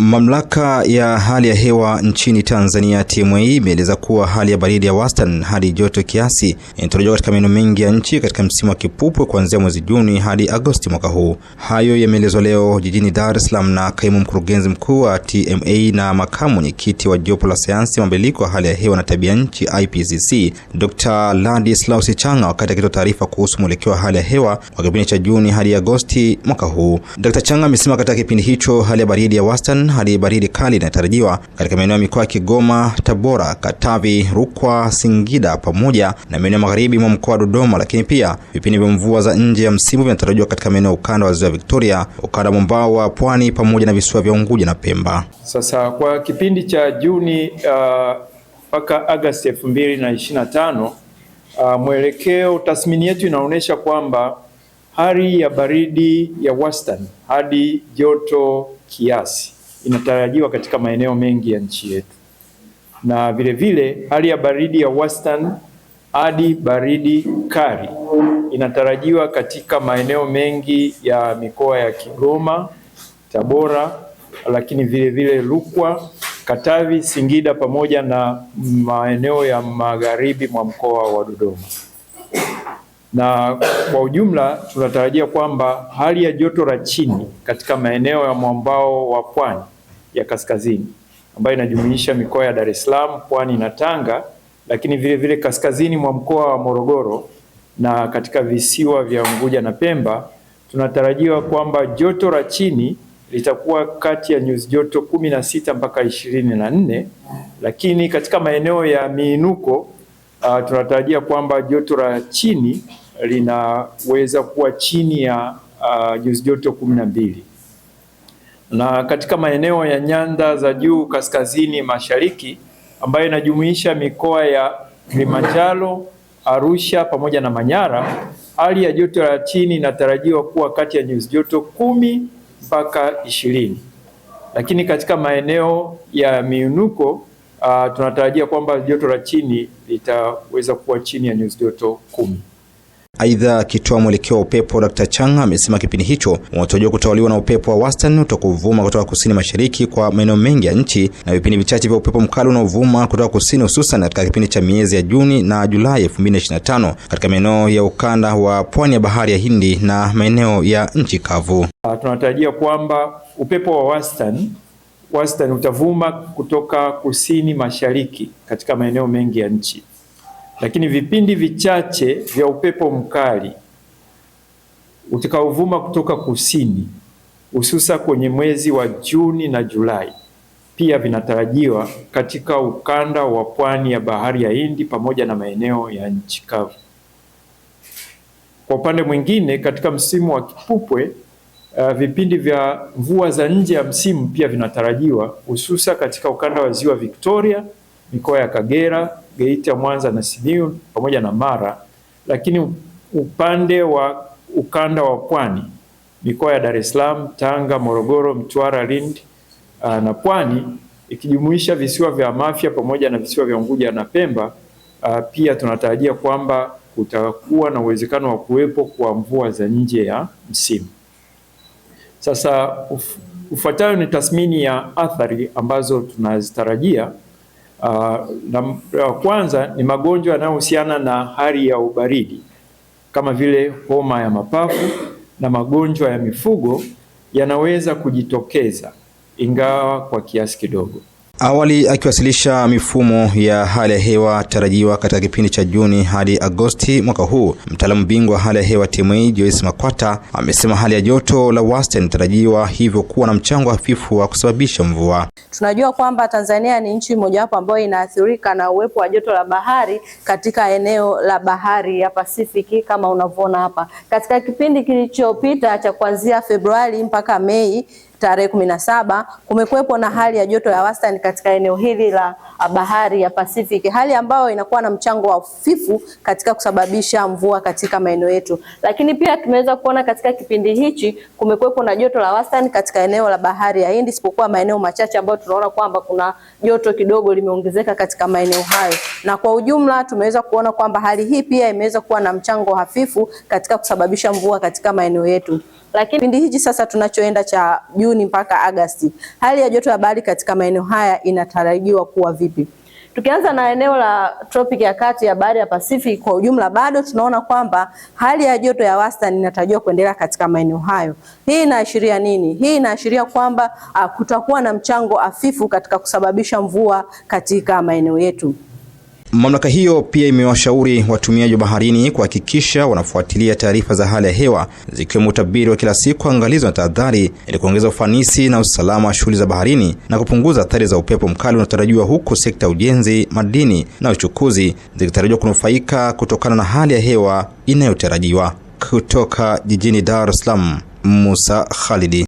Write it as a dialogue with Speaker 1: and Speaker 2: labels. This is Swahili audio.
Speaker 1: Mamlaka ya hali ya hewa nchini Tanzania TMA imeeleza kuwa hali ya baridi ya wastani hadi joto kiasi inatarajiwa katika maeneo mengi ya nchi katika msimu wa kipupwe kuanzia mwezi Juni hadi Agosti mwaka huu. Hayo yameelezwa leo jijini Dar es Salaam na kaimu mkurugenzi mkuu wa TMA na makamu mwenyekiti wa jopo la sayansi mabadiliko ya hali ya hewa na tabia nchi IPCC, Dr. Ladislaus Chang'a wakati akitoa taarifa kuhusu mwelekeo wa hali ya hewa kwa kipindi cha Juni hadi Agosti mwaka huu. Dr. Chang'a amesema katika kipindi hicho hali ya baridi ya wastani hadi baridi kali inatarajiwa katika maeneo ya mikoa ya Kigoma, Tabora, Katavi, Rukwa, Singida pamoja na maeneo magharibi mwa mkoa wa Dodoma, lakini pia vipindi vya mvua za nje ya msimu vinatarajiwa katika maeneo ya ukanda wa Ziwa Victoria, ukanda mwambao wa pwani pamoja na visiwa vya Unguja na Pemba.
Speaker 2: Sasa kwa kipindi cha Juni uh, mpaka uh, Agosti 2025 uh, mwelekeo tathmini yetu inaonyesha kwamba hali ya baridi ya wastani hadi joto kiasi inatarajiwa katika maeneo mengi ya nchi yetu, na vilevile hali ya baridi ya wastani hadi baridi kali inatarajiwa katika maeneo mengi ya mikoa ya Kigoma, Tabora, lakini vilevile Rukwa, Katavi, Singida pamoja na maeneo ya magharibi mwa mkoa wa Dodoma. Na kwa ujumla tunatarajia kwamba hali ya joto la chini katika maeneo ya mwambao wa pwani ya kaskazini ambayo inajumuisha mikoa ya Dar es Salaam, Pwani na Tanga, lakini vile vile kaskazini mwa mkoa wa Morogoro na katika visiwa vya Unguja na Pemba, tunatarajiwa kwamba joto la chini litakuwa kati ya nyuzi joto kumi na sita mpaka ishirini na nne lakini katika maeneo ya miinuko uh, tunatarajia kwamba joto la chini linaweza kuwa chini ya uh, nyuzi joto kumi na mbili na katika maeneo ya nyanda za juu kaskazini mashariki ambayo inajumuisha mikoa ya Kilimanjaro, Arusha pamoja na Manyara, hali ya joto la chini inatarajiwa kuwa kati ya nyuzi joto kumi mpaka ishirini, lakini katika maeneo ya miunuko uh, ah, tunatarajia kwamba joto la chini litaweza kuwa chini ya nyuzi joto kumi.
Speaker 1: Aidha, akitoa mwelekeo wa upepo, Dr. Chang amesema kipindi hicho unatarajiwa kutawaliwa na upepo wa wastani utakuvuma kutoka kusini mashariki kwa maeneo mengi ya nchi na vipindi vichache vya upepo mkali unaovuma kutoka kusini, hususan katika kipindi cha miezi ya Juni na Julai 2025 katika maeneo ya ukanda wa pwani ya bahari ya Hindi na maeneo ya nchi kavu.
Speaker 2: Ah, tunatarajia kwamba upepo wa wastani wastani utavuma kutoka kusini mashariki katika maeneo mengi ya nchi lakini vipindi vichache vya upepo mkali utakaovuma kutoka kusini hususa kwenye mwezi wa Juni na Julai pia vinatarajiwa katika ukanda wa pwani ya bahari ya Hindi pamoja na maeneo ya nchi kavu. Kwa upande mwingine, katika msimu wa kipupwe uh, vipindi vya mvua za nje ya msimu pia vinatarajiwa hususa katika ukanda wa ziwa Victoria, mikoa ya Kagera Geita, Mwanza na Simiyu pamoja na Mara, lakini upande wa ukanda wa pwani mikoa ya Dar es Salaam, Tanga, Morogoro, Mtwara, Lindi ah, na Pwani ikijumuisha visiwa vya Mafia pamoja na visiwa vya Unguja na Pemba. Uh, pia tunatarajia kwamba kutakuwa na uwezekano wa kuwepo kwa mvua za nje ya msimu. Sasa uf, ufuatayo ni tathmini ya athari ambazo tunazitarajia. Uh, na kwanza ni magonjwa yanayohusiana na hali ya ubaridi kama vile homa ya mapafu na magonjwa ya mifugo yanaweza kujitokeza ingawa kwa kiasi kidogo.
Speaker 1: Awali akiwasilisha mifumo ya hali ya hewa tarajiwa katika kipindi cha Juni hadi Agosti mwaka huu, mtaalamu bingwa wa hali ya hewa TMA Joyce Makwata amesema hali ya joto la wastani tarajiwa hivyo kuwa na mchango hafifu wa kusababisha mvua.
Speaker 3: Tunajua kwamba Tanzania ni nchi mojawapo ambayo inaathirika na uwepo wa joto la bahari katika eneo la bahari ya Pasifiki kama unavyoona hapa. Katika kipindi kilichopita cha kuanzia Februari mpaka Mei tarehe kumi na saba kumekuwepo na hali ya joto ya wastani katika eneo hili la bahari ya Pacific, hali ambayo inakuwa na mchango wa ufifu katika kusababisha mvua katika maeneo yetu. Lakini pia tumeweza kuona katika kipindi hichi kumekuwepo na joto la wastani katika eneo la bahari ya Hindi, isipokuwa maeneo machache ambayo tunaona kwamba kuna joto kidogo limeongezeka katika maeneo hayo, na kwa ujumla tumeweza kuona kwamba hali hii pia imeweza kuwa na mchango hafifu katika kusababisha mvua katika maeneo yetu. Lakini kipindi hichi sasa tunachoenda cha Juni mpaka Agasti, hali ya joto ya bahari katika maeneo haya inatarajiwa kuwa vipi? Tukianza na eneo la tropiki ya kati ya bahari ya Pasifiki kwa ujumla, bado tunaona kwamba hali ya joto ya wastani inatarajiwa kuendelea katika maeneo hayo. Hii inaashiria nini? Hii inaashiria kwamba ah, kutakuwa na mchango hafifu katika kusababisha mvua katika maeneo yetu.
Speaker 1: Mamlaka hiyo pia imewashauri watumiaji wa baharini kuhakikisha wanafuatilia taarifa za hali ya hewa zikiwemo utabiri wa kila siku, angalizo na tahadhari, ili kuongeza ufanisi na usalama wa shughuli za baharini na kupunguza athari za upepo mkali unatarajiwa, huku sekta ya ujenzi, madini na uchukuzi zikitarajiwa kunufaika kutokana na hali ya hewa inayotarajiwa. Kutoka jijini Dar es Salaam, Musa Khalidi.